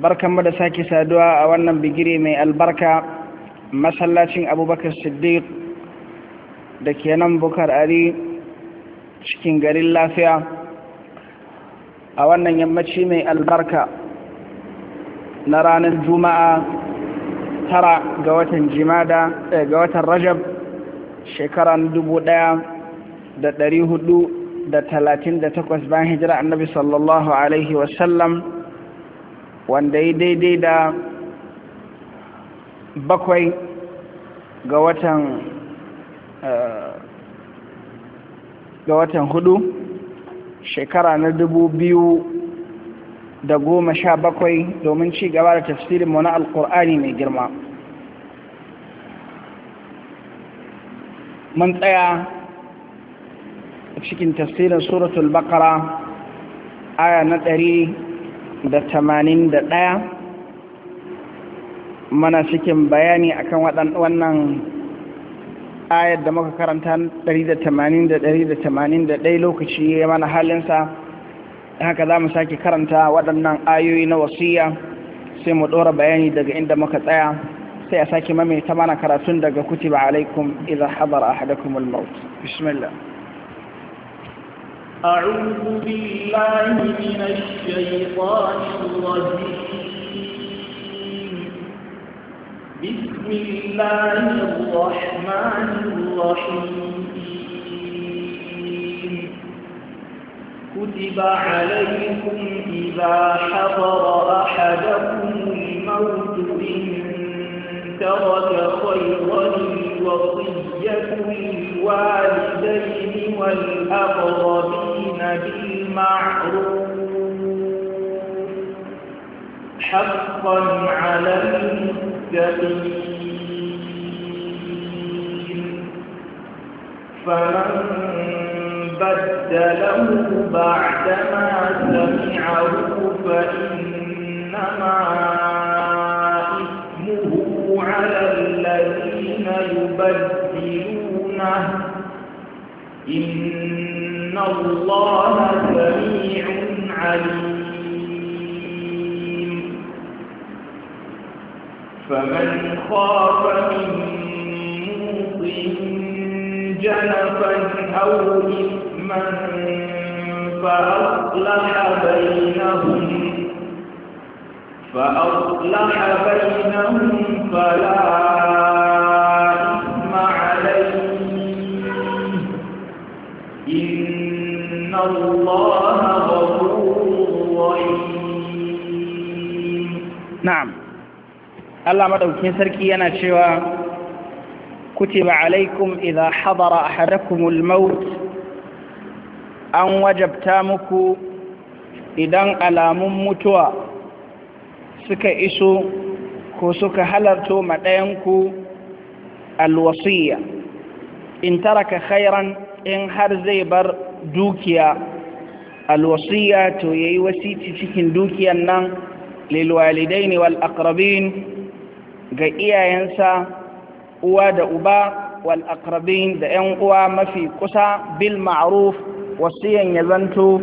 barkanmu da sake saduwa a wannan bigire mai albarka masallacin abubakar siddiq da ke nan bukar ari cikin garin lafiya a wannan yammaci mai albarka na ranar juma'a tara ga watan jimada eh, ga watan rajab shekaran dubu ɗaya da ɗari hudu da talatin da takwas bayan hijira annabi sallallahu alaihi wasallam wanda yi daidai da bakwai ga watan eh, ga watan hudu shekara na dubu biyu da goma sha bakwai domin ci gaba da tafsirin mu na alkur'ani mai girma mun tsaya cikin tafsirin suratul bakara aya na ɗari da tamanin da ɗaya mana cikin bayani akan wannan ayar da muka karanta ɗari da tamanin da ɗari da tamanin da ɗaya lokaci ya mana halinsa haka za mu sake karanta waɗannan ayoyi na wasiya sai mu ɗora bayani daga inda muka tsaya sai a sake mamaita mana karatun daga kutiba alaikum idan hadar ahadakumul maut bismillah أعوذ بالله من الشيطان الرجيم بسم الله الرحمن الرحيم كتب عليكم إذا حضر أحدكم الموت إن ترك خيرا وصية الوالدين والأقربين بالمعروف حقا على المتقين فمن بدله بعدما سمعه فإنما إثمه على يبدلونه إن الله سميع عليم فمن خاف من موط جنفا أو إثما فأصلح بينهم فأصلح بينهم فلا Na’am, Allah maɗaukin sarki yana cewa, Kutiba alaikum idha hadara a haɗakumul an wajabta muku idan alamun mutuwa suka iso ko suka halarto maɗayanku alwasiyya, in taraka khairan ka in har zai bar dukiya alwasiya to yayi wasici cikin dukiyan nan lilwalidai wal walakrabin ga iyayensa uwa da uba wal da yan uwa mafi kusa bil ma'ruf wasiyan ya zanto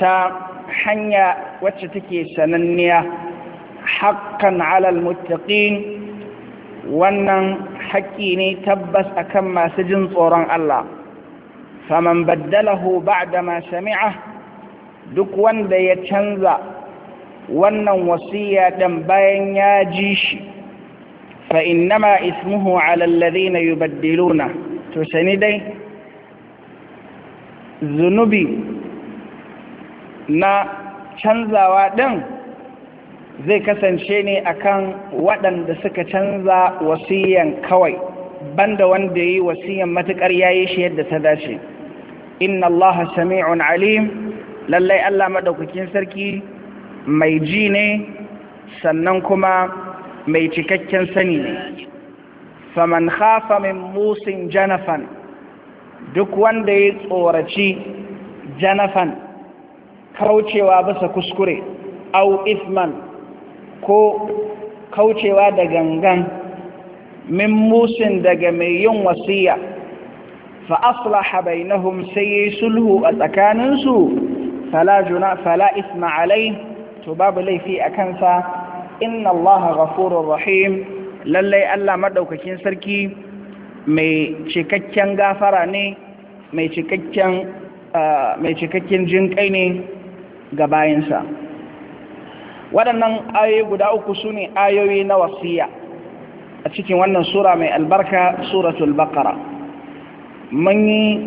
ta hanya wacce take sananniya hakan 'ala al wannan haƙƙi ne tabbas akan masu jin tsoron Allah faman baddalahu ba'dama sami'a duk wanda ya canza wannan wasiya dan bayan ya ji shi fa innama ismuhu ala yi baddiluna to sani dai zunubi na canzawa ɗin zai kasance ne akan waɗanda suka canza wasiyan kawai banda wanda ya yi wasiyan matuƙar ya yi shi yadda ta dace inna allah sami'un alim lallai allah madaukakin sarki mai ji ne sannan kuma mai cikakken sani ne faman khafa min musin janafan duk wanda ya tsoraci janafan kaucewa bisa kuskure au isman ko kaucewa da gangan min musin daga mai yin wasiya fa aslaha bainahum sai yayi sulhu a tsakaninsu fala juna fala to babu laifi a kansa inna allaha ghafurur rahim lallai Allah maɗaukakin sarki mai cikakken gafara ne mai cikakken mai cikakken ne ga bayansa waɗannan ayoyi guda uku su ne ayoyi na wasiya a cikin wannan sura mai albarka suratul baqara mun yi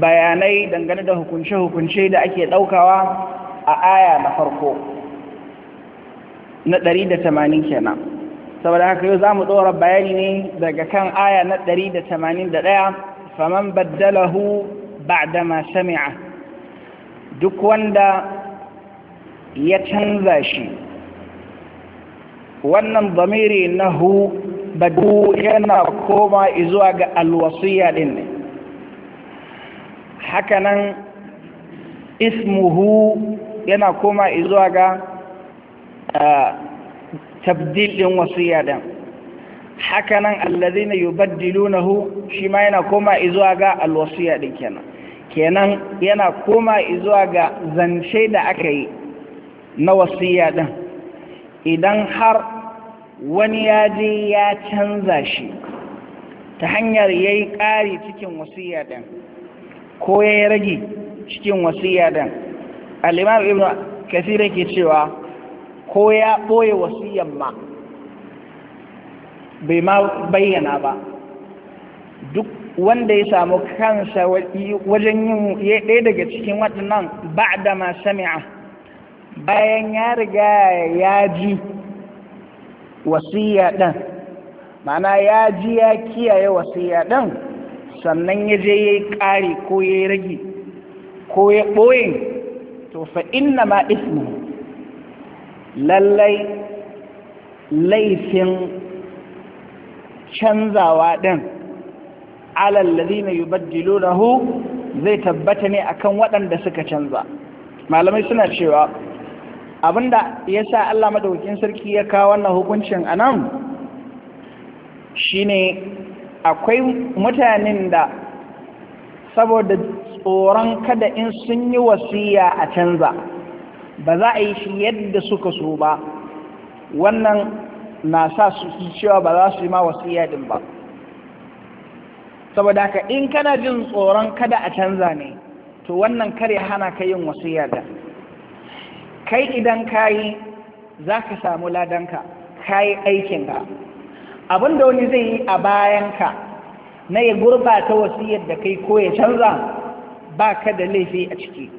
bayanai dangane da hukunce-hukunce da ake ɗaukawa a aya na farko na 180 kenan saboda haka yau za mu ɗora bayani ne daga kan aya na 181 faman baddalahu ba'da ma sami'a duk wanda ya canza shi wannan zamiri na hu yana koma zuwa ga alwasiya ɗin ne hakanan ismuhu yana koma izuwa ga tabdil din wasiya din hakanan alladhina yubaddilunahu shi ma yana koma izuwa ga alwasiya din kenan kenan yana koma izuwa ga zance da aka yi na wasiya din idan har wani ya je ya canza shi ta hanyar yayi ƙari cikin wasiya din ko ya yi rage cikin wasiya dan al ibn ibnu kathir ke cewa ko ya ɓoye wasiyan ma bai ma bayyana ba duk wanda ya samu kansa wajen yin ɗaya daga cikin waɗannan ba da ma sami'a bayan ya riga ya ji wasiya ɗan mana ya ji ya kiyaye wasiya ɗin sannan ya je ya yi ƙari ko ya yi rage ko ya ɓoye to fa inna ma ismu lallai laifin canzawa ɗin alallazi na yi baddilo rahu zai tabbata ne akan waɗanda suka canza malamai suna cewa abinda ya sa Allah madaukakin sarki ya kawo wannan hukuncin a anan shine akwai mutanen da saboda tsoron kada in sun yi wasiya a canza ba za a yi shi yadda suka so ba wannan na sa su cewa ba za su yi ma wasiya din ba saboda ka in kana jin tsoron kada a canza ne to wannan kare hana ka yin wasiya da kai idan kayi za ka samu ladanka kayi aikinka abin da wani zai yi a bayanka na ya gurbata wasiyar da kai ko ya canza ba ka da laifi a ciki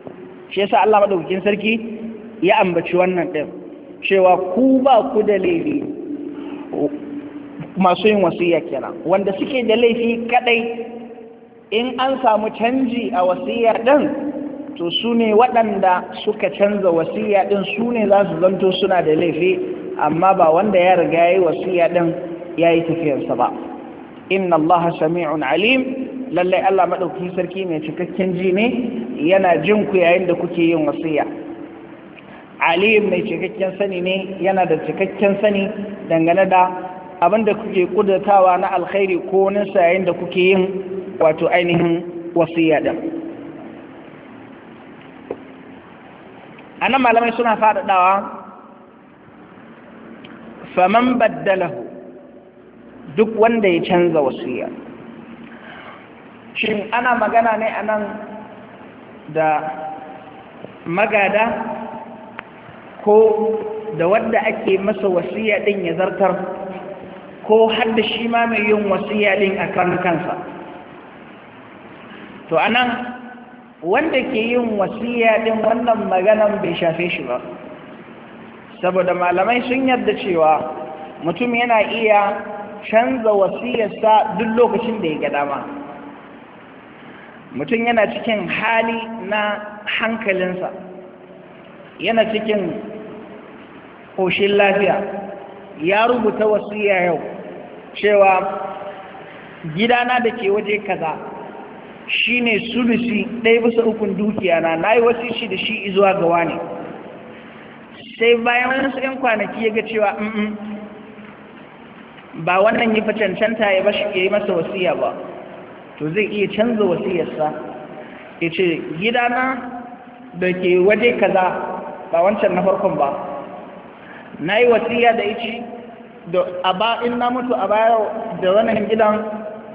shi yasa Allah madaukakin sarki ya ambaci wannan ɗin cewa ku ba ku da laifi masu yin wasiya kira wanda suke da laifi kadai in an samu canji a wasiyya ɗin to su ne waɗanda suka canza wasiya ɗin su ne za su zanto suna da laifi amma ba wanda ya riga ya yi wasiya din ya yi tafiyarsa ba inna allaha sami'un alim lallai allah maɗauki sarki mai cikakken ji ne yana jin ku yayin da kuke yin wasiya alim mai cikakken sani ne yana da cikakken sani dangane da abin da kuke kudatawa na alkhairi ko nisa yayin da kuke yin wato ainihin wasiya ɗin a nan malamai suna faɗaɗawa faman baddalahu duk wanda ya canza wasiya shin ana magana ne a nan da magada ko da wadda ake masa wasiya din ya zartar ko har da shi ma mai yin wasiya din a kan kansa to anan wanda ke yin wasiya din wannan maganan bai shafe shi ba saboda malamai sun yarda cewa mutum yana iya canza wasiyarsa duk lokacin da ya ga dama mutum yana cikin hali na hankalinsa yana cikin ƙoshin lafiya ya rubuta wasiya yau cewa gidana da ke waje kaza shine sulusi ɗaya bisa ukun dukiya na yi wasu shi da shi izuwa gawa ne sai bayan wani 'yan kwanaki ya ga cewa ba wannan yi fa cancanta ya bashi ya yi masa wasiya ba to zai iya canza wasiyarsa ya ce gidana da ke waje kaza ba wancan na farkon ba na yi wasiya da ici in na mutu a baya da wannan gidan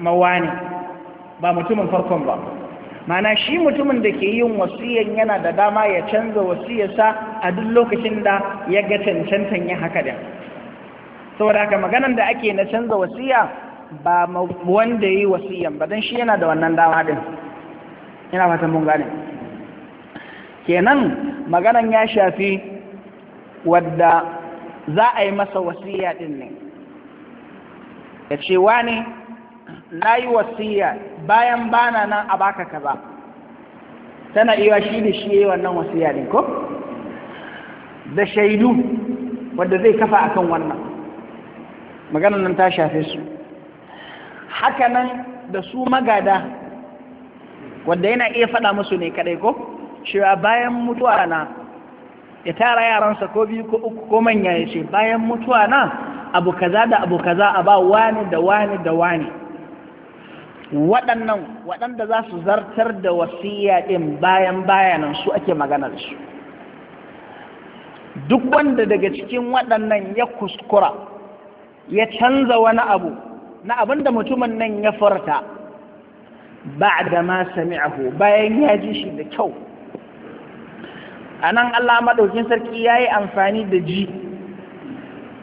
mawani ba mutumin farkon ba mana shi mutumin da ke yin wasiyan yana da dama ya canza wasiyarsa a duk lokacin da ya ga cancantan ya haka da saboda haka maganan da ake na canza wasiya ba wanda yi wasiyan ba don shi yana da wannan dama din yana fatan mun gane kenan maganan ya shafi wadda za a yi masa wasiya din ne ya ce ne na yi wasiya bayan bana nan a baka kaza tana iya shi da shi ya yi wannan wasiya din ko da shaidu wadda zai kafa akan wannan Maganar nan ta shafe su Haka nan da su magada wanda yana iya faɗa musu ne kadai ko cewa bayan mutuwa na ya tara yaransa ko biyu ko uku ko manya ya ce bayan mutuwa na abu kaza da abu kaza a ba wani da wani da wani waɗannan waɗanda za su zartar da wasiya ɗin bayan bayanan su ake maganar su duk wanda daga cikin waɗannan ya kuskura ya canza wani abu na abin da mutumin nan ya furta ba da ma sami'ahu bayan ya ji shi da kyau a nan Allah maɗaukin sarki ya yi amfani da ji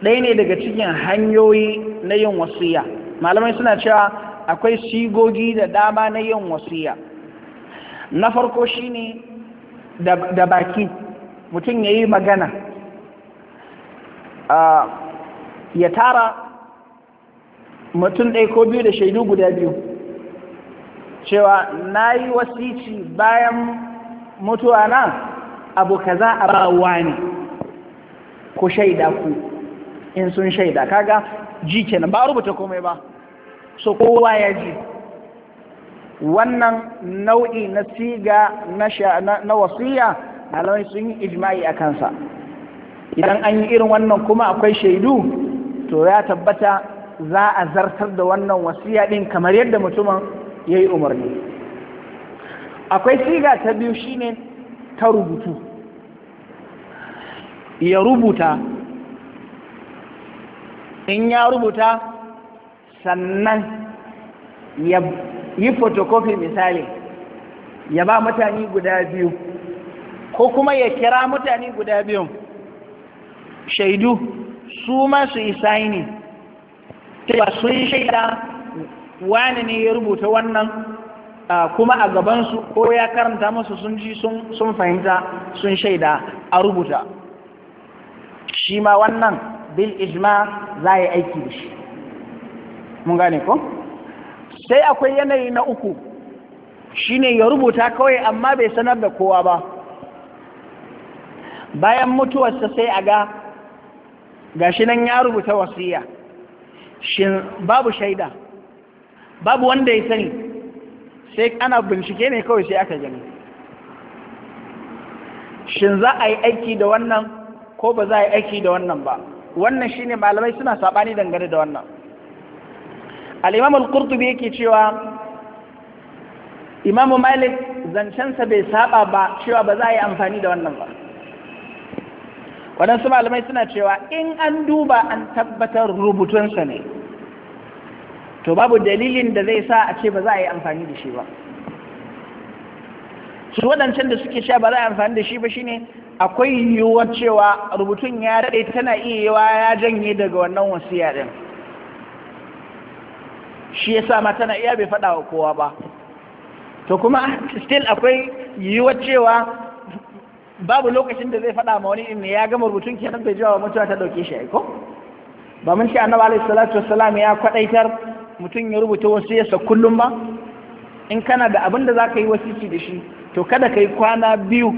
ɗaya ne daga cikin hanyoyi na yin wasiya malamai suna cewa akwai sigogi da dama na yin wasiya na farko shi ne da baki mutum ya yi magana ah, ya tara mutum ɗaya ko biyu da shaidu guda biyu cewa na yi wasici bayan mutuwa na abu kaza a rawa ne ku shaida ku in sun shaida kaga ji kenan ba rubuta komai ba so kowa ya ji wannan nau'i na siga na wasiya malamai sun yi ijma'i a kansa idan an yi irin wannan kuma akwai shaidu to ya tabbata za a zartar da wannan wasiya din kamar yadda mutumin ya yi umarni akwai siga ta biyu shine ta rubutu ya rubuta in ya rubuta sannan ya yi fotokofi misali ya ba mutane guda biyu ko kuma ya kira mutane guda biyun shaidu su ma su yi saini cewa sun shaida wani ne ya rubuta wannan kuma a gabansu ko ya karanta musu sun ji sun fahimta sun shaida a rubuta shi ma wannan bil ijma za a yi aiki da shi mun gane ko sai akwai yanayi na uku Shi ne ya rubuta kawai amma bai sanar da kowa ba bayan mutuwarsa sai a ga gashi nan ya rubuta wasiya shin babu shaida babu wanda ya sani sai ana bincike ne kawai sai aka gani shin za a yi aiki da wannan ko ba za a yi aiki da wannan ba wannan shine malamai suna saɓani dangane da wannan al'imamul imam al-qurtubi yake cewa Imamu malik zancensa bai saba ba cewa ba za a yi amfani da wannan ba waɗansu malamai suna cewa in an duba an tabbatar rubutunsa ne to babu dalilin da zai sa a ce ba za a yi amfani da shi ba su waɗancan da suke sha ba za a yi amfani da shi ba shi ne akwai yiwuwar cewa rubutun ya daɗe tana iya yawa ya janye daga wannan wasiya ɗin shi ya sa ma tana iya bai faɗa wa kowa ba to kuma still akwai yiwuwar cewa babu lokacin da zai faɗa ma wani ne ya gama rubutun kenan bai jawa mutuwa ta ɗauke shi ko ba mun ce annabi alaihi salatu wassalam ya kwadaitar mutum ya rubuta wasiyarsa kullum ba in kana da abin da za ka yi wasici da shi to kada ka yi kwana biyu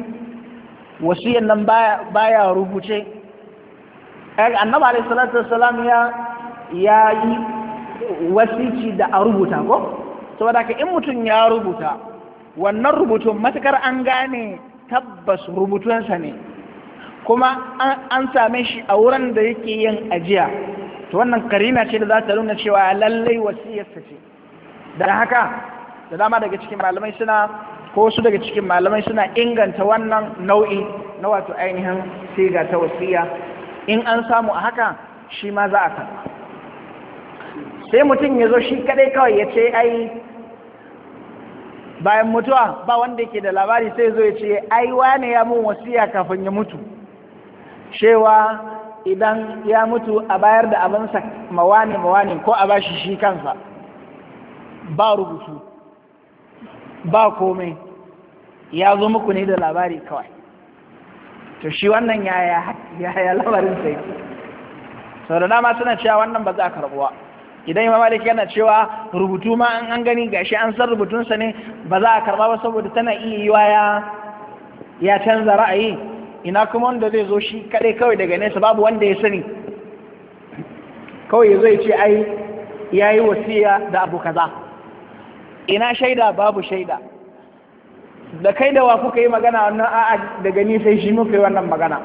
wasiyar nan baya rubuce annabi alaihi salatu wassalam ya ya yi wasiki da a rubuta ko saboda ka in mutum ya rubuta wannan rubutun matakar an gane tabbas rubutunsa ne kuma an same shi a wurin da yake yin ajiya to wannan karina ce da za ta nuna cewa lallai wasiyarsa ce da haka da dama daga cikin malamai suna ko su daga cikin malamai suna inganta wannan nau'i na wato ainihin siga ta wasiya in an samu a haka shi ma za a sai mutum ya zo shi kadai kawai ya ce ai bayan mutuwa ba wanda yake da labari sai zo ya ce ai wane ya mun wasiya kafin ya mutu cewa idan ya mutu a bayar da abinsa mawane mawane ko a bashi shi kansa ba rubutu ba komai ya zo muku ne da labari kawai to shi wannan yaya lamarin sai sau da dama suna cewa wannan ba za a karbuwa idan yi malik yana cewa rubutu ma an gani gashi an san rubutunsa ne ba za a karba ba saboda tana iya yiwa ya ya canza ra'ayi ina kuma wanda zai zo shi kadai kawai daga nesa babu wanda ya sani kawai zai ce ai yi wasiya da abu kaza ina shaida babu shaida da kai da wa kuka yi magana wannan a'a daga ni sai shi muka yi wannan magana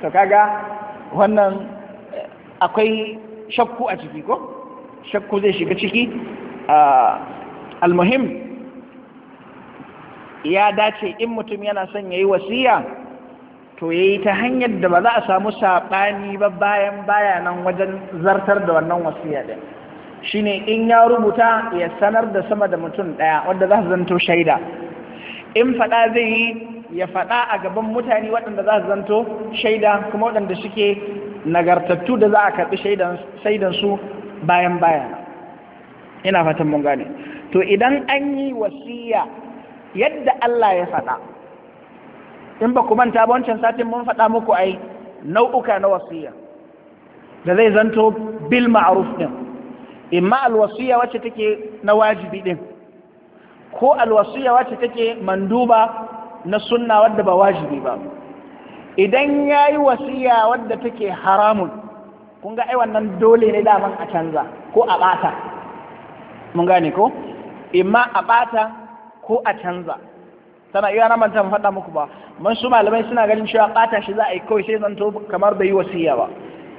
to kaga wannan eh, akwai shakku a ciki ko shakku zai shiga ciki almuhim ya dace in mutum yana son ya yi wasiya to ya yi ta hanyar da ba za a samu saɓani ba bayan bayanan wajen zartar da wannan wasiya ɗin shi ne in ya rubuta ya sanar da sama da mutum ɗaya wadda za su zanto shaida in faɗa zai yi ya faɗa a gaban mutane waɗanda za su zanto shaida kuma waɗanda suke nagartattu da za a karɓi shaidansu bayan bayan ina fatan mun gane to idan an yi wasiya yadda Allah ya faɗa in ba ku manta ba wancan satin mun faɗa muku ai nau'uka na wasiya da zai zanto bil ma'ruf din imma wasiya wacce take na wajibi din ko alwasiya wacce take manduba na sunna wadda ba wajibi ba idan ya yi wasiya wadda take haramun kun ga ai wannan dole ne daman a canza ko a ɓata mun gane ko imma a ɓata ko a canza tana iya na manta faɗa muku ba Mun su malamai suna ganin cewa ɓata shi za a yi kawai sai zan to kamar bai yi wasiya ba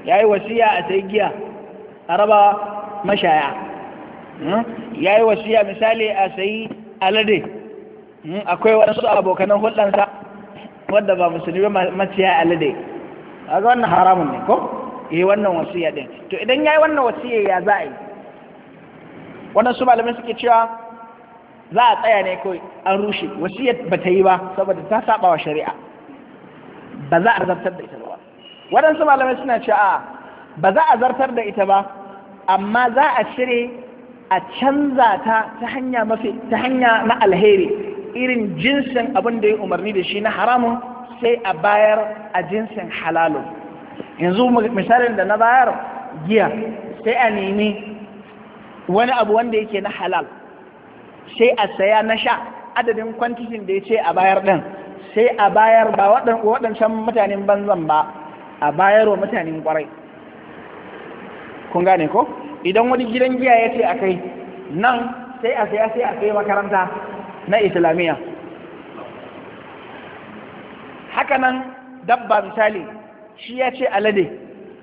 ya yi wasiya a sai giya a raba mashaya hmm? ya yi wasiya misali a sayi alade hmm? akwai wasu abokanan hulɗansa wadda ba musulmi ba maciya alade kaga wannan haramun ne ko yi eh, wannan wasiya din to idan yayi wannan wasiya ya za a yi wannan su malamai suke cewa za a tsaya ne ko an rushe wasiyar ba ta yi ba saboda ta saba wa shari'a ba za a zartar da ita ba waɗansu malamai suna cewa ba za a zartar da ita ba amma za a cire a canza ta ta hanya mafi ta hanya na alheri irin jinsin abin da ya umarni da shi na haramun sai a bayar a jinsin halalun yanzu misalin da na bayar giya sai a nemi wani abu wanda yake na halal sai a saya na sha adadin kwantitin da ya ce a bayar ɗin sai a bayar ba waɗancan mutanen banzan ba a bayar wa mutanen ƙwarai kun gane ko idan wani gidan giya ya ce a kai nan sai a saya sai a kai makaranta na islamiyya haka nan dabba misali shi ya ce alade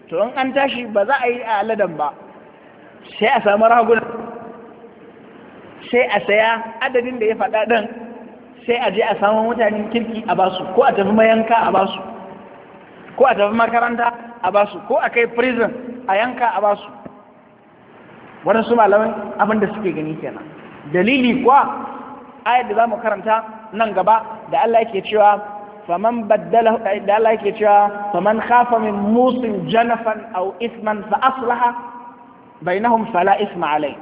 to in an tashi ba za a yi a aladen ba sai a samu raguna sai a saya adadin da ya faɗa ɗan sai a je a samu mutanen kirki a basu ko a tafi mayanka a basu ko a tafi makaranta a basu ko a kai prison a yanka a basu waɗansu malamin abinda suke gani kenan dalili kuwa ayar da zamu karanta nan gaba da Allah yake cewa faman baddala eh, da Allah yake cewa faman khafa min musin janafan aw isman fa aslaha bainahum fala isma alai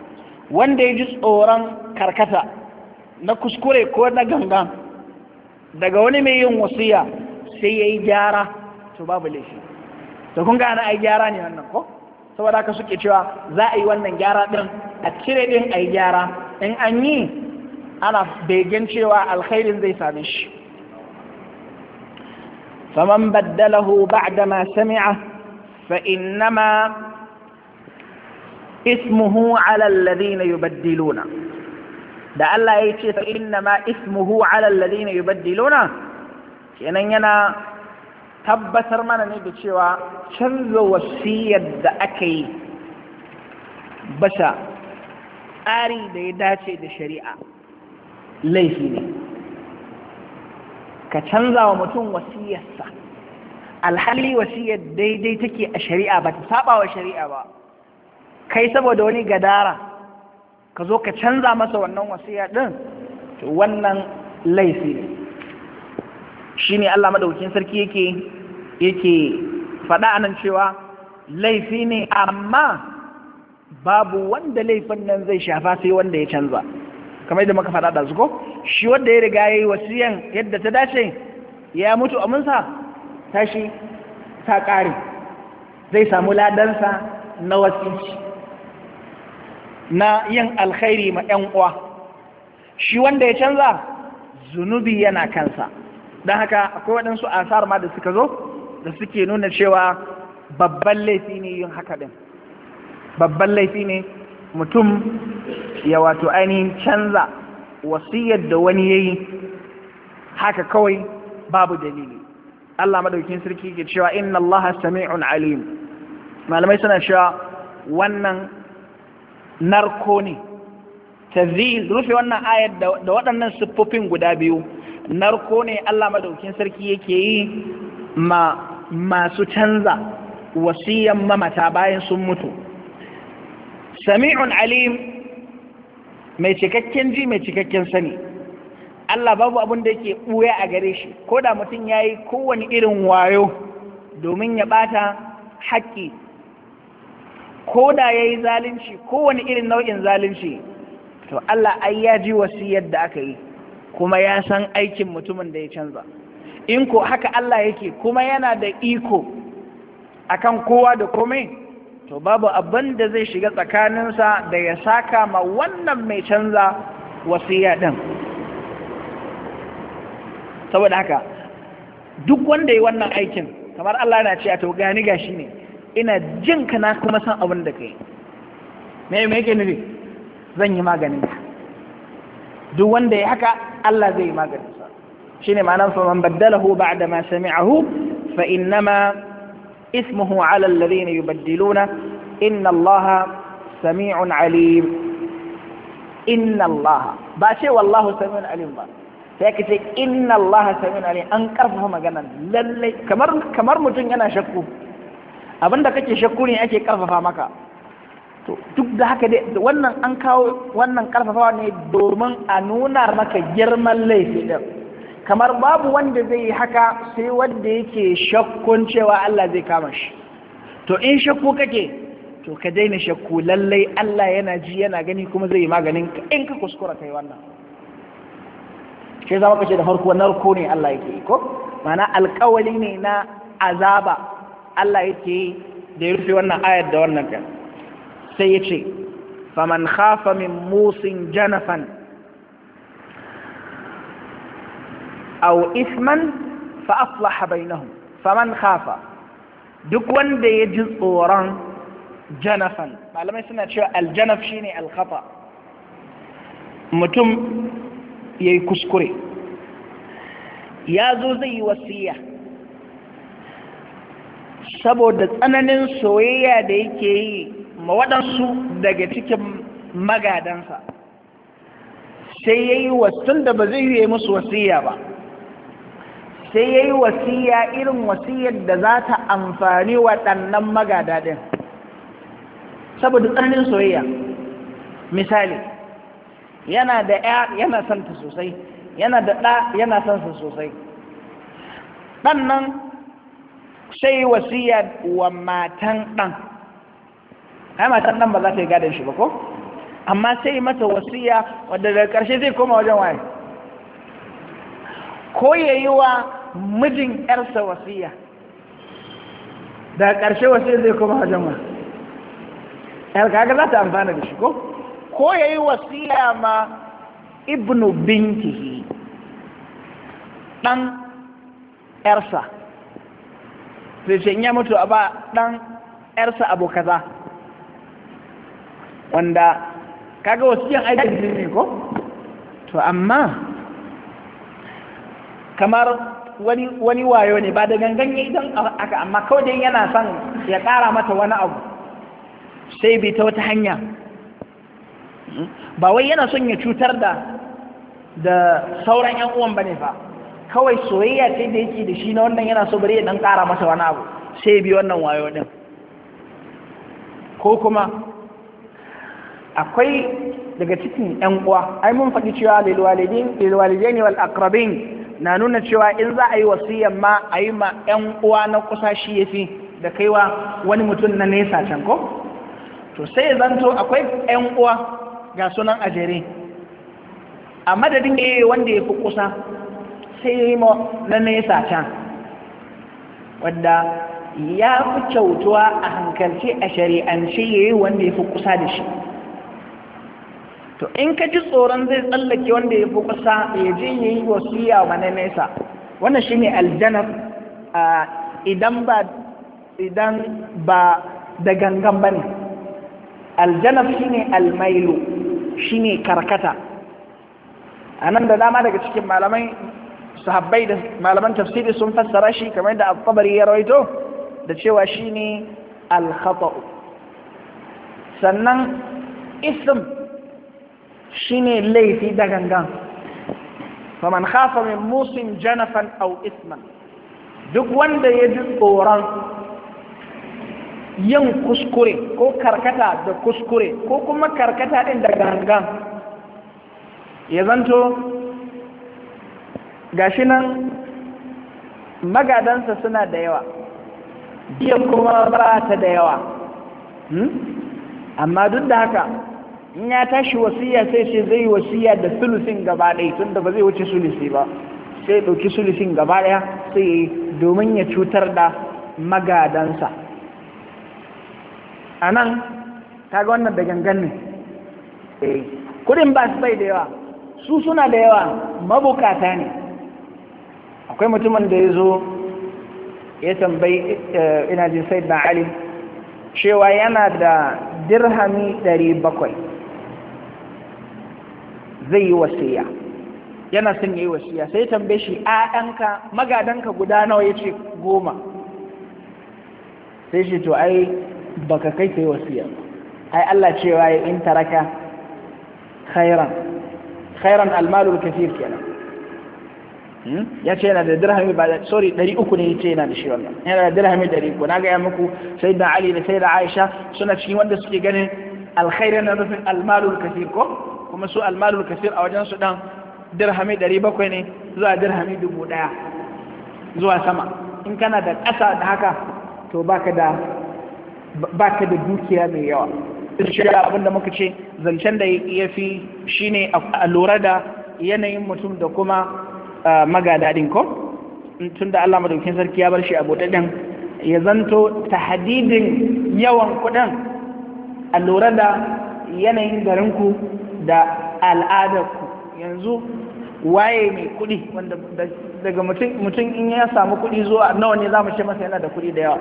wanda ya ji tsoron karkata na kuskure ko na ganga daga wani mai yin wasiya sai yayi gyara to babu laifi to kun ga ana ai gyara ne wannan ko saboda haka suke cewa za a yi wannan gyara din a cire din a gyara in an yi ana begen cewa alkhairin zai same shi faman baddalahu ba'da ma sami'a fa innama ismuhu ala alladhina yubaddiluna da Allah ya ce fa innama ismuhu ala alladhina yubaddiluna kenan yana tabbatar mana ne da cewa canza wasiyar da aka yi basa tsari da ya dace da shari'a laifi ne ka canza wa mutum wasiyarsa alhali wasiyar daidai take a shari'a ba ta saba wa shari'a ba kai saboda wani gadara ka zo ka canza masa wannan wasiyar ɗin to wannan laifi ne Shi shine Allah maɗaukin sarki yake yake faɗa nan cewa laifi ne amma babu wanda laifin nan zai shafa sai wanda ya canza kamar yadda muka faɗa da su ko shi wanda ya riga yayi wasiyan yadda ta dace ya mutu a munsa tashi ta ƙare zai samu ladansa na wasiyi na yin alkhairi ma ƴan uwa shi wanda ya canza zunubi yana kansa dan haka akwai waɗansu asar ma da suka zo da suke nuna cewa babban laifi ne yin haka din babban laifi ne mutum ya wato ainihin canza wasiyar da wani yayi haka kawai babu dalili Allah madaukin sarki ke cewa inna Allah sami'un alim malamai suna cewa wannan narko ne tazil rufe wannan ayar da waɗannan siffofin guda biyu narko ne Allah madaukin sarki yake yi ma masu canza wasiyan mamata bayan sun mutu sami'un alim mai cikakken ji mai cikakken sani Allah babu abin da yake ɓuya a gare shi ko da mutum ya yi kowane irin wayo domin ya ɓata haƙƙi ko da ya yi zalunci kowane irin nau'in zalunci to Allah ai ya ji wasiyar da aka yi kuma ya san aikin mutumin da ya canza in ko haka Allah yake kuma yana da iko akan kowa da komai to babu abin da zai shiga tsakaninsa da ya saka ma wannan mai canza wasiya ɗin saboda haka duk wanda yi wannan aikin kamar Allah na ce a to gani gashi ne ina jin ka na kuma san abin da kai me me yake nufi zan yi maganin ka duk wanda ya haka Allah zai yi maganin sa ne ma'anar fa man baddalahu ba'da ma sami'ahu fa innama ismuhu ala alladhina yubaddiluna inna allaha sami'un alim inna allaha ba ce wallahu sami'un alim ba sai ka ce inna allaha sami'un alim an karfafa maganar lalle kamar kamar mutum yana shakku abinda kake shaku ne ake karfafa maka to duk da haka dai wannan an kawo wannan karfafawa ne domin a nuna maka girman laifi din kamar babu wanda zai yi haka sai wanda yake shakkun cewa Allah zai kama shi to in shakku kake to ka daina shakku lallai Allah yana ji yana gani kuma zai yi maganin ka in ka kuskura kai wannan sai zama kace da farko narko ne Allah yake ko mana alƙawali ne na azaba Allah yake da ya rufe wannan ayar da wannan kan sai ya ce faman khafa min musin janafan aw isman fa aslaha bainahum faman khafa duk wanda ya ji tsoron janafan malamai suna cewa aljanaf shine alkhata mutum yayi kuskure ya zo zai yi wasiya saboda tsananin soyayya da yake yi ma waɗansu daga cikin magadansa sai ya yi wasan da ba zai yi musu wasiya ba sai ya yi wasiya irin wasiyar da za ta amfani waɗannan magada ɗin saboda tsananin soyayya misali yana da ya yana son ta sosai yana da ɗa yana son su sosai ɗan nan sai wasiya wa matan ɗan ai matan ɗan ba za ta yi gadon shi ba ko amma sai mata wasiya wadda daga ƙarshe zai koma wajen waye ko ya yi wa mijin ƴarsa wasiya da ƙarshe wasiyar zai kuma hajjan ma ƴar kaga za ta amfana da shi ko ko ya yi wasiya ma ibnu bintihi ɗan ƴarsa sai ce in ya mutu a ba ɗan ƴarsa abu kaza wanda kaga wasiyan aikin ne ko to amma kamar wani wayo ne ba da gangan ya idan aka amma kawai dai yana son ya ƙara mata wani abu sai bi ta wata hanya ba wai yana son ya cutar da da sauran yan uwan bane fa kawai soyayya sai da yake da shi na wannan yana so bari ya dan ƙara mata wani abu sai bi wannan wayo din ko kuma akwai daga cikin yan uwa ai mun faɗi cewa lil walidin wal aqrabin na nuna cewa in za a yi wasiyan ma a yi ma 'yan uwa na kusa shi ya fi da kaiwa wani mutum na nesa can ko to sai zanto akwai 'yan uwa ga sunan ajere a madadin ya wanda ya fi kusa sai ya yi ma na nesa can wadda ya fi kyautuwa a hankalci a shari'ance ya yi wanda ya fi kusa da shi to in ka ji tsoron zai tsallake wanda ya fi kusa ya je ya yi wasiya wa na nesa wannan shine aljanar idan ba idan ba da gangan ba ne aljanab shine almailu shine karkata a nan da dama daga cikin malamai sahabbai da malaman tafsiri sun fassara shi kamar da al ya rawaito da cewa shine ne sannan isim. shine laifi da gangan faman khafa min musin janafan au isman duk wanda ya ji tsoron yin kuskure ko karkata da kuskure ko kuma karkata ɗin da gangan ya zanto gashi nan magadansa suna da yawa iya kuma ba ta da yawa hmm? amma duk da haka in ya tashi wasiya sai ce zai wasiya da sulusin gaba ɗaya da ba zai wuce sulusi ba sai ɗauki sulusin gaba ɗaya sai yi domin ya cutar da magadansa a nan ta ga wannan da gangan ne eh, kudin ba su bai da yawa su suna da yawa mabukata ne akwai mutumin da ya zo ya tambayi eh, ina jin sai da ali cewa yana da dirhami bakwai. zai yi wasiya yana son yi wasiya sai tambaye shi ƴaƴanka magadanka guda nawa ya ce goma sai shi to ai baka kai yi wasiya ai Allah cewa ya in taraka khairan khairan almalul kafir kenan hmm? ya ce yana da dirhami ba da sorry ɗari uku ne ce yana da shi wannan yana da dirhami ɗari uku na gaya muku sai da ali da sai da aisha suna cikin wanda suke ganin alkhairi na nufin almalul kafir ko kuma su almalul kasir a wajen su dan dirhami 700 ne zuwa dirhami 1000 zuwa sama in kana da ƙasa da haka to baka da baka da dukiya mai yawa ya abinda muka ce zancen da ya fi shine a lura da yanayin mutum da kuma magadadin ko tun da Allah madaukin sarki ya bar shi a buɗaɗen ya zanto tahadidin yawan kuɗin a lura da yanayin garinku da al'adarku yanzu waye mai kuɗi wanda daga mutum in ya samu kuɗi zuwa nawa ne za mu ce masa yana da kuɗi da yawa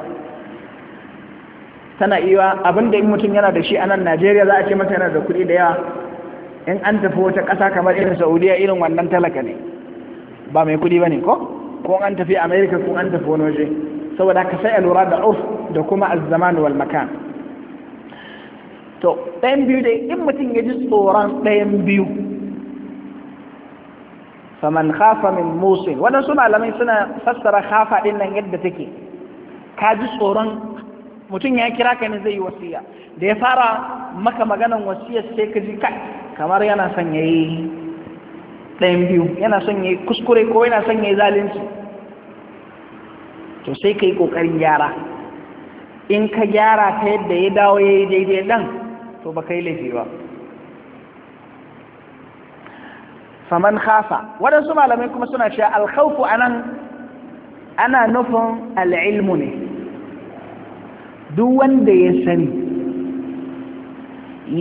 tana iya abinda in mutum yana da shi a nan najeriya za a ce masa yana da kuɗi da yawa in an tafi wata ƙasa kamar irin saudiya irin wannan talaka ne ba mai kuɗi ba ne ko ko an tafi amerika ko an tafi wani waje saboda ka sai a lura da urf da kuma zaman wal makan to ɗayan biyu dai in mutum ya ji tsoron ɗayan biyu faman khafa min musul waɗansu malamai suna fassara khafa ɗin nan yadda take ka ji tsoron mutum ya kira ka ne zai yi wasiya da ya fara maka maganan wasiyar sai ka ji kai kamar yana son ya yi ɗayan biyu yana son ya yi kuskure ko yana son ya yi zalunci to sai ka yi ƙoƙarin gyara in ka gyara ta yadda ya dawo ya yi daidai ɗan to ba kai laifi ba faman khafa waɗansu malamai kuma suna cewa a nan ana nufin al'ilmu ne duk wanda ya sani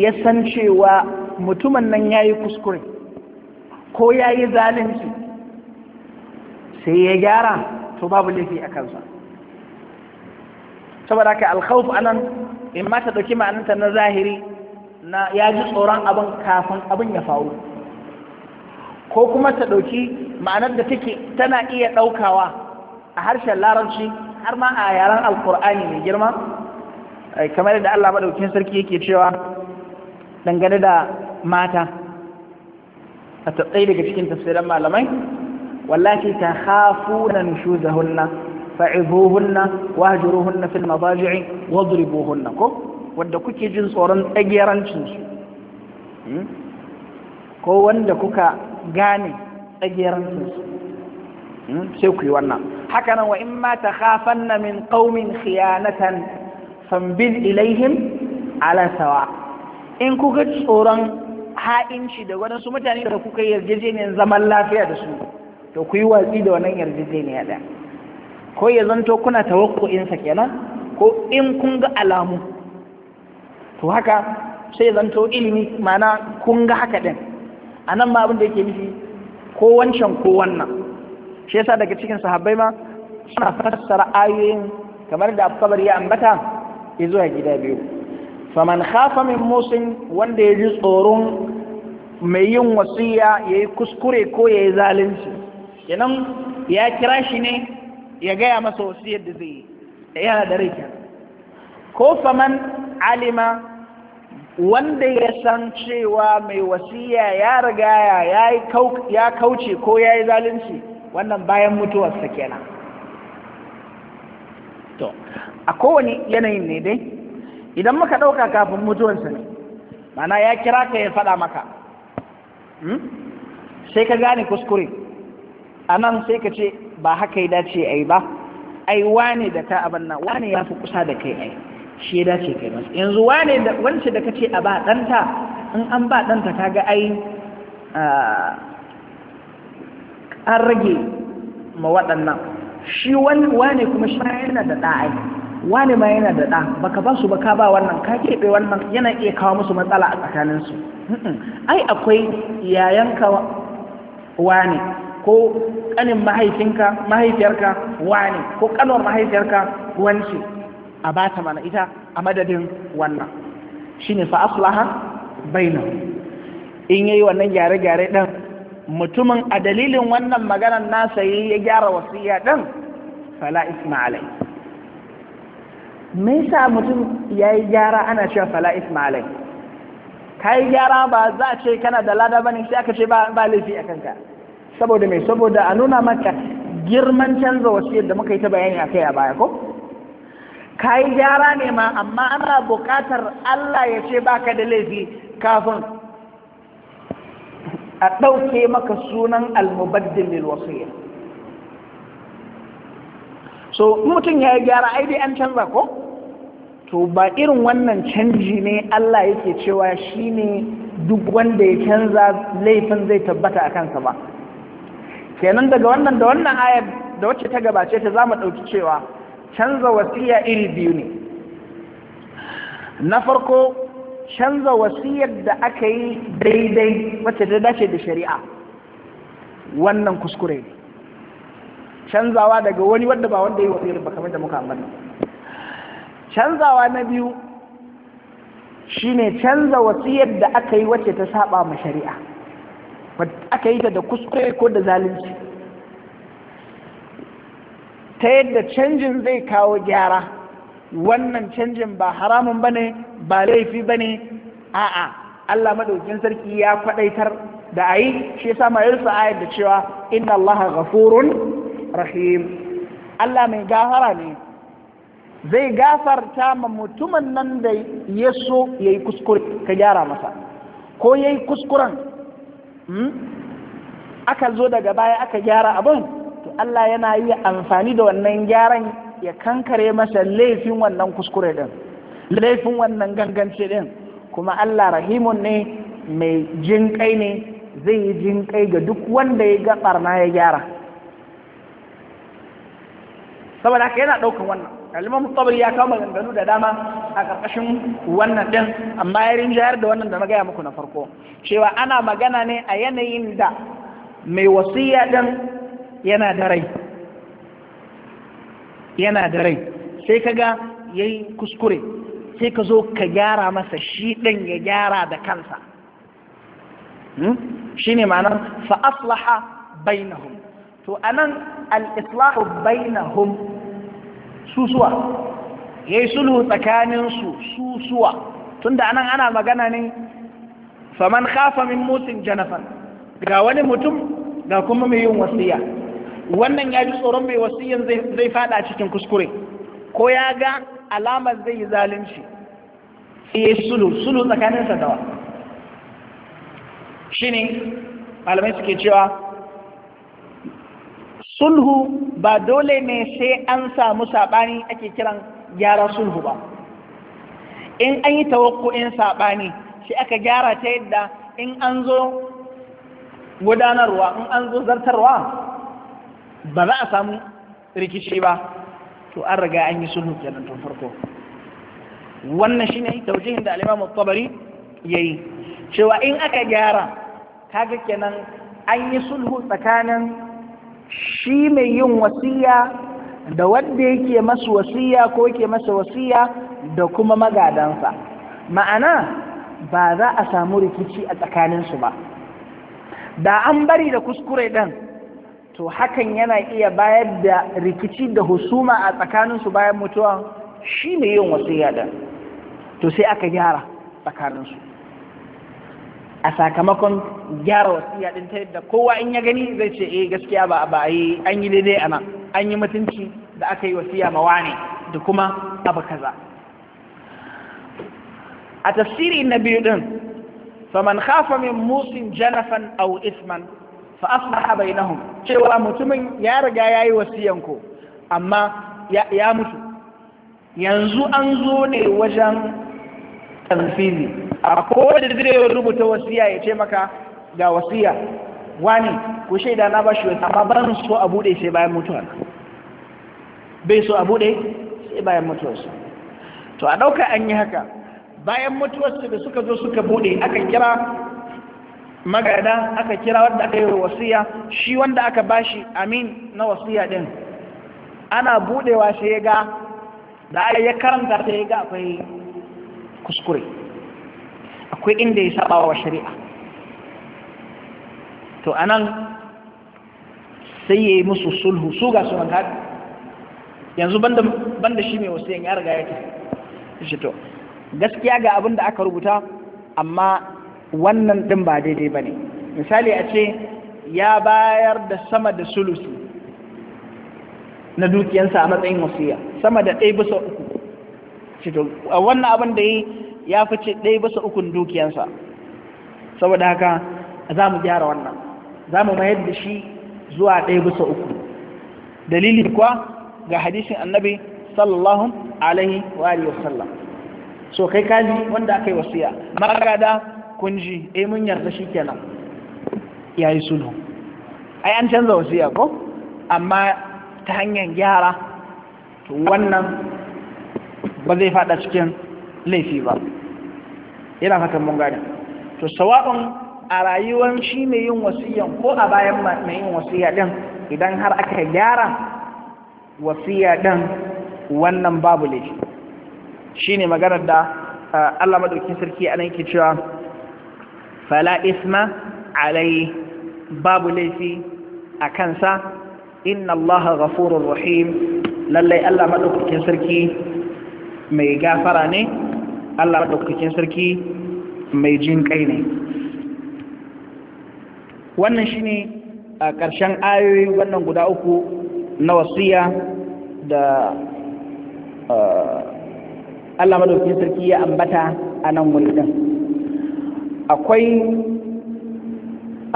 ya san cewa mutumin nan ya yi kuskure ko ya yi zalunci sai ya gyara to babu laifi a kansa saboda ka a anan in ma ta ɗauki ma'ananta na zahiri na ya ji tsoron abin kafin abin ya faru ko kuma ta ɗauki ma'anar da take tana iya ɗaukawa a harshen larabci har ma a yaren alkur'ani mai girma kamar da allah maɗaukin sarki yake cewa dangane da mata a tatsai daga cikin tafsirin malamai wallahi ta hafu na nushuzahunna fa'izuhunna wahjuruhunna fil mazaji'i wadribuhunna ko wanda kuke jin tsoron tsagerancin su ko wanda kuka gane tsagerancin su sai ku wannan haka nan wa in ma takhafanna min qaumin khiyanatan fambil ilaihim ala sawa in kuka tsoron ha'inci da waɗansu mutane da kuka yarjejeniyar zaman lafiya da su to ku yi watsi da wannan yarjejeniya ɗaya ko ya zanto kuna sa kenan ko in kun ga alamu to haka sai zanto ilimi mana kun ga haka ɗin a nan ma abin da yake nufi ko wancan ko wannan shi yasa daga cikin sahabbai ma suna fassara ayoyin kamar da abu ya ambata ya zuwa gida biyu faman khafa min musin wanda ya ji tsoron mai yin wasiya ya yi kuskure ko ya yi zalunci kenan ya kira shi ne ya gaya masa wasu yadda zai yi yana da rai ko faman alima wanda ya san cewa mai wasiya ya riga ya kauce ko ya yi zalunci wannan bayan mutuwarsa kenan to a kowane yanayin ne dai idan muka ɗauka kafin mutuwarsa ne mana ya kira ka ya faɗa maka hmm? sai ka gane kuskure a nan sai ka ce ba haka ya dace a yi ba ai wane da ka abin nan wane ya fi kusa da kai ai shi ya dace kai masu yanzu wane da wance da ce a ba ɗanta in an ba ɗanta ta ga ai an rage ma waɗannan shi wane kuma shi Ma yana da ɗa ai wane ma yana da ɗa Ba ka ba su ba ka ba wannan ka keɓe wannan yana iya kawo musu matsala a tsakaninsu ai akwai yayanka wane ko kanin mahaifinka mahaifiyarka wani ko kanuwar mahaifiyarka wanci a ba ta mana ita a madadin wannan shine ne aslaha bainahu in yi wannan gyare-gyare ɗan mutumin a dalilin wannan maganar nasa yi ya gyara wasiya din fala isma me sa mutum yi gyara ana cewa fala isma ka yi gyara ba za a ce kana da lada ba ne sai aka ce ba laifi a kanka saboda mai saboda a nuna maka girman canza wasu yadda muka yi ta bayani a kai a baya ko ka yi gyara ne ma amma ana buƙatar Allah ya ce baka da laifi kafin a ɗauke maka sunan almubaddin lil wasiyya so mutum ya yi gyara ai dai an canza ko to ba irin wannan canji ne Allah yake cewa shi ne duk wanda ya canza laifin zai tabbata a kansa ba kenan daga wannan da wannan ayar da wacce ta gabace ta za mu ɗauki cewa canza wasiya iri biyu ne na farko canza wasiyar da aka yi daidai wacce ta dace da shari'a wannan kuskure ne canzawa daga wani wadda ba wanda yi wasiyar ba kamar da muka amma canzawa na biyu shine canza wasiyar da aka yi wacce ta saba ma shari'a aka yi ta da kuskure ko da zalunci ta yadda canjin zai kawo gyara wannan canjin ba haramun ba ne ba laifi ba ne a'a Allah maɗaukin sarki ya kwaɗaitar da a yi shi yasa ma yarsa ayar da cewa inna Allah ghafurun rahim Allah mai gafara ne zai gafarta ma mutumin nan da ya so ya yi kuskure ka gyara masa ko ya yi kuskuren Hmm? aka zo daga baya aka gyara abin to Allah yana yi amfani da wannan gyaran ya kankare masa laifin wannan kuskure din laifin wannan gangance din kuma Allah rahimun ne mai jin kai ne zai yi jin kai ga duk wanda ya ga barna ya gyara saboda haka yana ɗaukan wannan kalimar mustabir ya kama ganganu da dama a karkashin wannan din amma ya rinjayar da wannan da na gaya muku na farko cewa ana magana ne a yanayin da mai wasiya din yana da rai yana da rai sai ka ga ya yi kuskure sai ka zo ka gyara masa shi din ya gyara da kansa shi ne ma'anar fa'aslaha bainahum to anan al-islahu bainahum susuwa ya yi sulhu tsakaninsu susuwa tun da anan ana magana ne faman kafa min motsin janafan ga wani mutum ga kuma mai yin wasiya wannan ya ji tsoron mai wasiyan zai fada cikin kuskure ko ya ga alamar zai yi zalunci ya yi sulhu sulhu tsakaninsa dawa shi ne malamai suke cewa sulhu ba dole ne sai an samu saɓani ake kiran gyara sulhu ba in an yi tawakku'in saɓani sai aka gyara ta yadda in an zo gudanarwa in an zo zartarwa ba za a samu rikici ba to an riga an yi sulhu kenan tun farko wannan shine taujihin da al-Imam tabari yayi cewa in aka gyara kaga kenan an yi sulhu tsakanin shi mai yin wasiya da wanda yake masu wasiya ko yake masa wasiya da kuma magadansa ma'ana ba za a samu rikici a tsakaninsu ba da an bari da kuskure ɗin to hakan yana iya bayar da rikici da husuma a tsakaninsu bayan mutuwa shi mai yin wasiya ɗin to sai aka gyara tsakaninsu a sakamakon gyara wasiya din ta yadda kowa in ya gani zai ce eh gaskiya ba ba yi an yi daidai a nan an yi mutunci da aka yi wasiya ma wane da kuma abu kaza a tafsiri na biyu din faman khafa min musin janafan aw isman fa aslaha bainahum cewa mutumin ya riga yayi wasiyan ko amma ya mutu yanzu an zo ne wajen tanfizi a kowane zai rubuta wasiya ya ce maka ga wasiya wani ku shaida na ba shi wasu amma ban so a bude sai bayan mutuwar bai so a bude sai bayan su to a ɗauka an yi haka bayan su da suka zo suka bude aka kira magada aka kira wanda aka yi wasiya shi wanda aka bashi amin na wasiya din ana budewa sai ya ga da ya karanta sai ya ga akwai kuskure akwai inda ya saba wa shari'a to anan sai ya yi musu sulhu su ga su haɗu yanzu banda shi mai wasu ya riga ya ce to gaskiya ga abin da aka rubuta amma wannan ɗin ba daidai ba ne misali a ce ya bayar da sama da sulusi na dukiyansa a matsayin wasiya sama da ɗaya bisa uku a wannan abin da yi ya fice ɗaya su ukun dukiyansa saboda haka za mu gyara wannan za mu mayar da shi zuwa ɗaya su uku dalili kuwa ga hadisin annabi sallallahu alaihi wa sallam so kai kaji wanda aka yi wasiya kun ji e mun yarda shi kenan ya yi sulhu ai an canza wasiya ko amma ta hanyar gyara wannan ba zai fada cikin laifi ba yana fatan mun gane to sawa'un a rayuwar shi mai yin wasiyan ko a bayan mai yin wasiya din idan har aka gyara wasiya din wannan babu Shi ne maganar da Allah madaukakin sarki anan yake cewa fala isma alai babu laifi a kansa inna Allah ghafurur rahim lallai Allah madaukakin sarki mai gafara ne Allah ɗaukakin sarki mai jin kai ne wannan shi ne a ƙarshen ayoyi wannan guda uku na wasiya da uh, Allah maɗaukakin sarki ya ambata a nan wurin akwai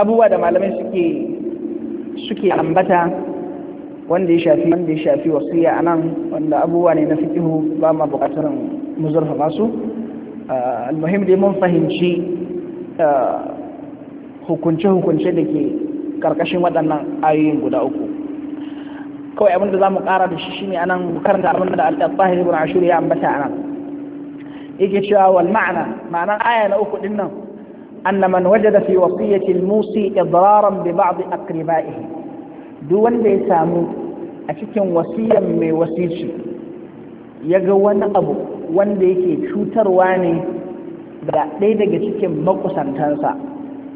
abubuwa da malamai suke suke ambata wanda ya shafi wanda ya shafi wasiya anan wanda abubuwa ne na fikihu ba ma bukatar mu zurfafa su almuhim dai mun fahimci hukunce-hukunce da ke karkashin waɗannan ayoyin guda uku kawai abin da za mu ƙara da shi shine anan karanta abin da al-tahir ibn ashur ya ambata anan yake cewa wal ma'ana ma'anar aya na uku din nan anna man wajada fi wasiyyati al-musi idraran bi ba'd aqribaihi duk wanda ya samu a cikin wasiyan mai wasici ya ga wani abu wanda yake cutarwa ne ga ɗaya daga cikin makusantansa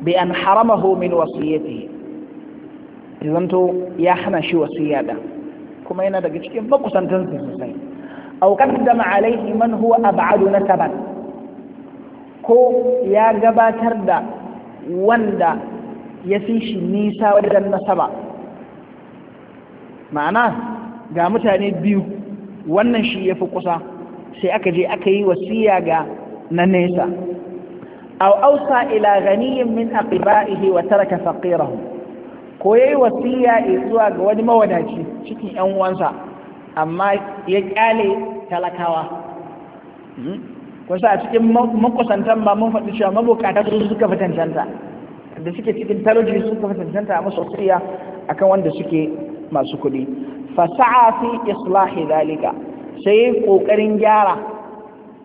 bi an haramahu min wasiyyati zanto ya hana shi wasu da kuma yana daga cikin makusantansa sosai aukar qaddama alayhi man huwa na nasaban ko ya gabatar da wanda ya fi shi nisa wajen nasaba ma'ana ga mutane biyu wannan shi ya fi kusa sai aka je aka yi wasiya ga na nesa aw ausa ila ghaniyyin min aqibaihi wa taraka faqirahu ko yayi wasiya zuwa ga wani mawadaci cikin yan uwansa amma ya kyale talakawa hmm? ko a cikin makusantan ba mun faɗi cewa mabukata su suka fi da suke cikin su suka fi a masu wasiya akan wanda suke masu kuɗi fasa'a fi islahi dalika sai ƙoƙarin gyara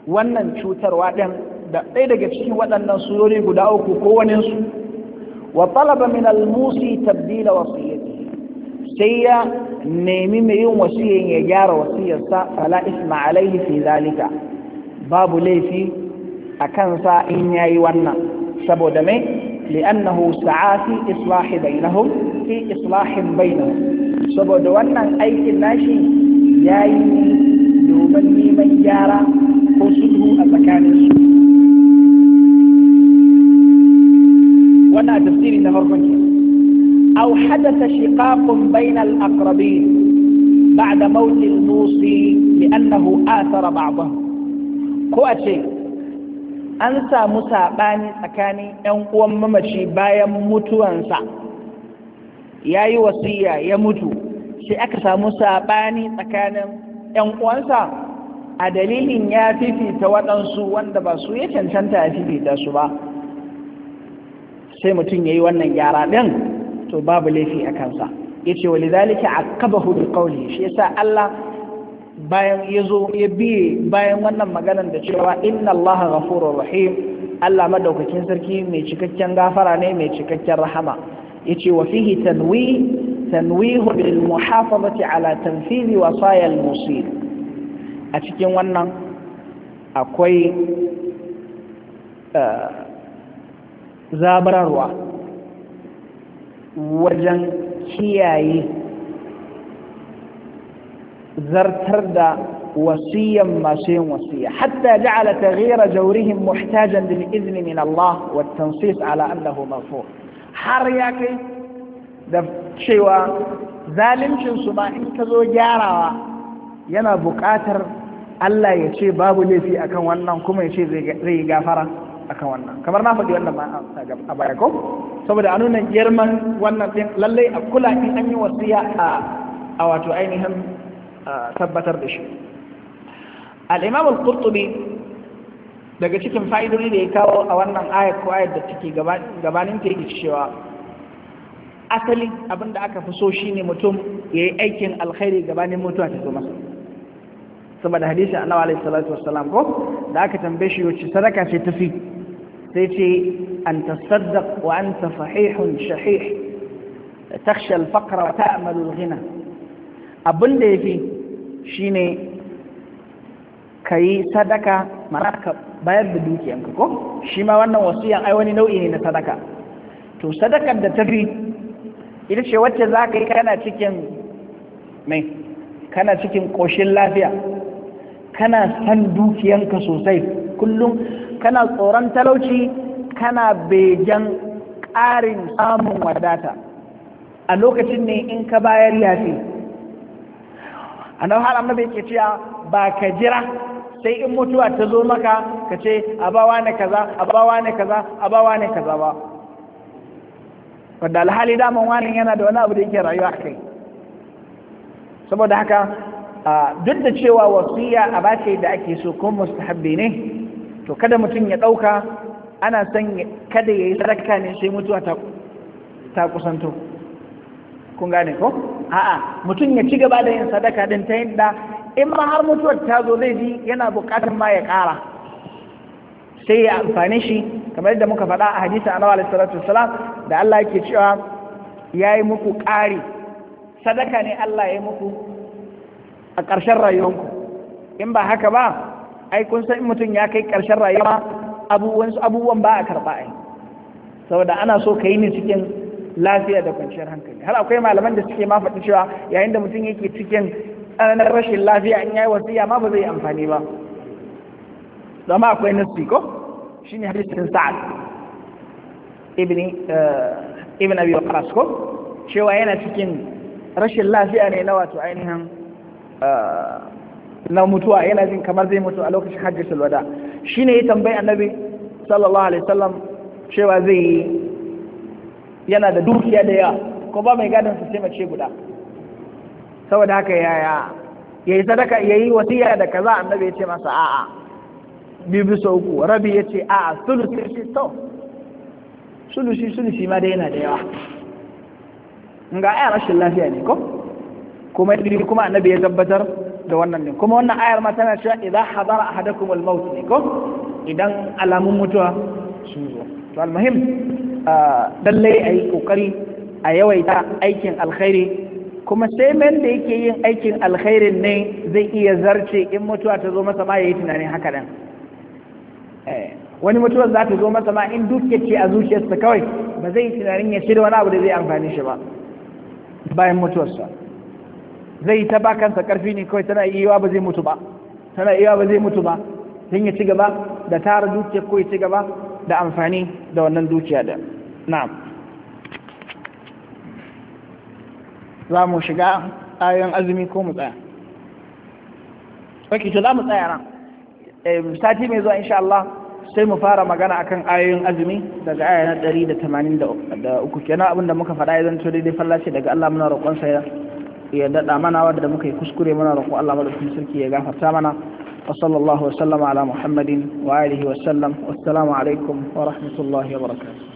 wannan cutarwa ɗin da ɗaya daga cikin waɗannan surori guda uku kowaninsu wa talaba min al-musi tabdila wasiyyati sai ya nemi mai yin wasiyyan ya gyara wasiyarsa fala isma alaihi fi zalika babu laifi a kansa in yayi wannan saboda mai لأنه سعى في إصلاح بينهم في إصلاح بينهم saboda wannan aikin nashi ya yi domin neman gyara ko sulhu a tsakanin su wannan tafsiri na farkon ke aw hadatha shiqaqun bayna al-aqrabin ba'da mawt al-musi li'annahu athara ba'dahu ko a ce an samu saɓani tsakanin 'yan uwan mamaci bayan mutuwansa ya yi wasiya ya mutu sai aka samu saɓani tsakanin ‘yan uwansa a dalilin ya fifita waɗansu wanda ba su ya cancanta ya fifita su ba sai mutum ya yi wannan gyara ɗin to babu laifi a kansa ya ce wali zalika a kaba hudu kauli shi yasa Allah bayan ya zo ya biye bayan wannan maganar da cewa inna Allah ghafurur rahim Allah madaukakin sarki mai cikakken gafara ne mai cikakken rahama yace wa fihi tanwi التنويه بالمحافظة على تنفيذ وصايا المصير أتكين وانا أكوي آه، زابر الروا وجن كياي زرتر وصيا ما سين وصيا حتى جعل تغيير جورهم محتاجا للإذن من الله والتنصيص على أنه مرفوع حر يا da cewa zaluncinsu ba in ka zo gyarawa yana buƙatar Allah ya ce babu laifi akan wannan kuma ya ce zai yi gafara akan wannan kamar na faɗi wannan ba a baya ko saboda a nuna girman wannan ɗin lallai a kula in an yi wasiya a wato ainihin tabbatar da shi al-imam al-qurtubi daga cikin fa'idodi da ya kawo a wannan ayat ko ayat da take gabanin ta yake cewa asali abin da aka fi so shi ne mutum ya yi aikin alkhairi gabanin mutuwa ta masa saboda hadisin annabi alaihi salatu wassalam ko da aka tambaye shi yace sadaka ce tafi sai ce an tasaddaq wa anta fahihun shahih takhsha al-faqr wa ta'malu al-ghina abin da yafi shine kai sadaka maraka bayar da dukiyanka ko shi ma wannan wasiyan ai wani nau'i ne na sadaka to sadakar da tafi ita ce wacce za ka yi kana cikin mai kana cikin ƙoshin lafiya kana san dukiyanka sosai kullum kana tsoron talauci kana begen ƙarin samun wadata a lokacin ne in ka bayar yafi a nan har annabi ke cewa ba ka jira sai in mutuwa ta zo maka ka ce abawa ne kaza abawa ne kaza abawa ne kaza ba wanda alhali daman wani yana da wani abu da yake rayuwa a kai saboda haka duk da cewa wasiya a bace da ake so ko mustahabbi ne to kada mutum ya ɗauka ana son kada ya yi sadaka ne sai mutuwa ta kusanto kun gane ko a'a mutum ya ci gaba da yin sadaka din ta yadda in ma har mutuwar ta zo zai ji yana buƙatar ma ya ƙara sai ya amfani shi kamar yadda muka faɗa a hadisi a nawa alisalatu wasalam da Allah yake cewa ya yi muku ƙari sadaka ne Allah ya yi muku a ƙarshen rayuwanku in ba haka ba ai kun san mutum ya kai ƙarshen rayuwa abubuwan abubuwan ba a karɓa ai saboda ana so ka yi ni cikin lafiya da kwanciyar hankali har akwai malaman da suke ma faɗi cewa yayin da mutum yake cikin tsananin rashin lafiya in yi wasiya ma ba zai yi amfani ba zama akwai nasi ko shine hadisin sa'ad ibn eh, ibn abi waqas ko cewa yana cikin rashin lafiya ne na wato ainihin eh, na mutuwa yana jin kamar zai mutu a lokacin salwada shi ne ya tambayi annabi sallallahu alaihi wasallam cewa zai yana da dukiya da yawa ko ba mai gadon su sai mace guda saboda haka yaya yayi sadaka yayi wasiya da kaza annabi ya ce masa a'a biyu bisa uku rabi ya ce a sulusi shi to sulusi sulusi ma dai yana da yawa ga ayar rashin lafiya ne ko kuma yi kuma annabi ya tabbatar da wannan ne kuma wannan ayar ma tana cewa idza hadara ahadakum al-maut ne ko idan alamun mutuwa sun zo to almuhim lallai ayi kokari a yawaita aikin alkhairi kuma sai men da yake yin aikin alkhairin ne zai iya zarce in mutuwa ta zo masa ma yayi tunanin haka dan Eh, wani mutuwar za ta zo masa ma in dukiya ce a zuciyarsa kawai ba zai tunanin ya shirya wani abu da zai amfani shi ba bayan mutuwarsa zai yi ta ba kansa karfi ne kawai tana iya ba zai mutu ba tana iya ba zai mutu ba don ya ci gaba da tara dukiya ko ya ci gaba da amfani da wannan dukiya da na'am za mu shiga ayon azumi ko mu tsaya ok to za mu tsaya nan. sati mai zuwa insha Allah sai mu fara magana akan ayoyin azumi daga aya na 183 kenan da muka faɗa ya zanto daidai fallace daga Allah muna roƙon sa ya daɗa mana wadda muka yi kuskure muna roƙon Allah madaukakin sarki ya gafarta mana wa sallallahu wa sallama ala muhammadin wa alihi wa sallam assalamu alaikum wa rahmatullahi wa barakatuh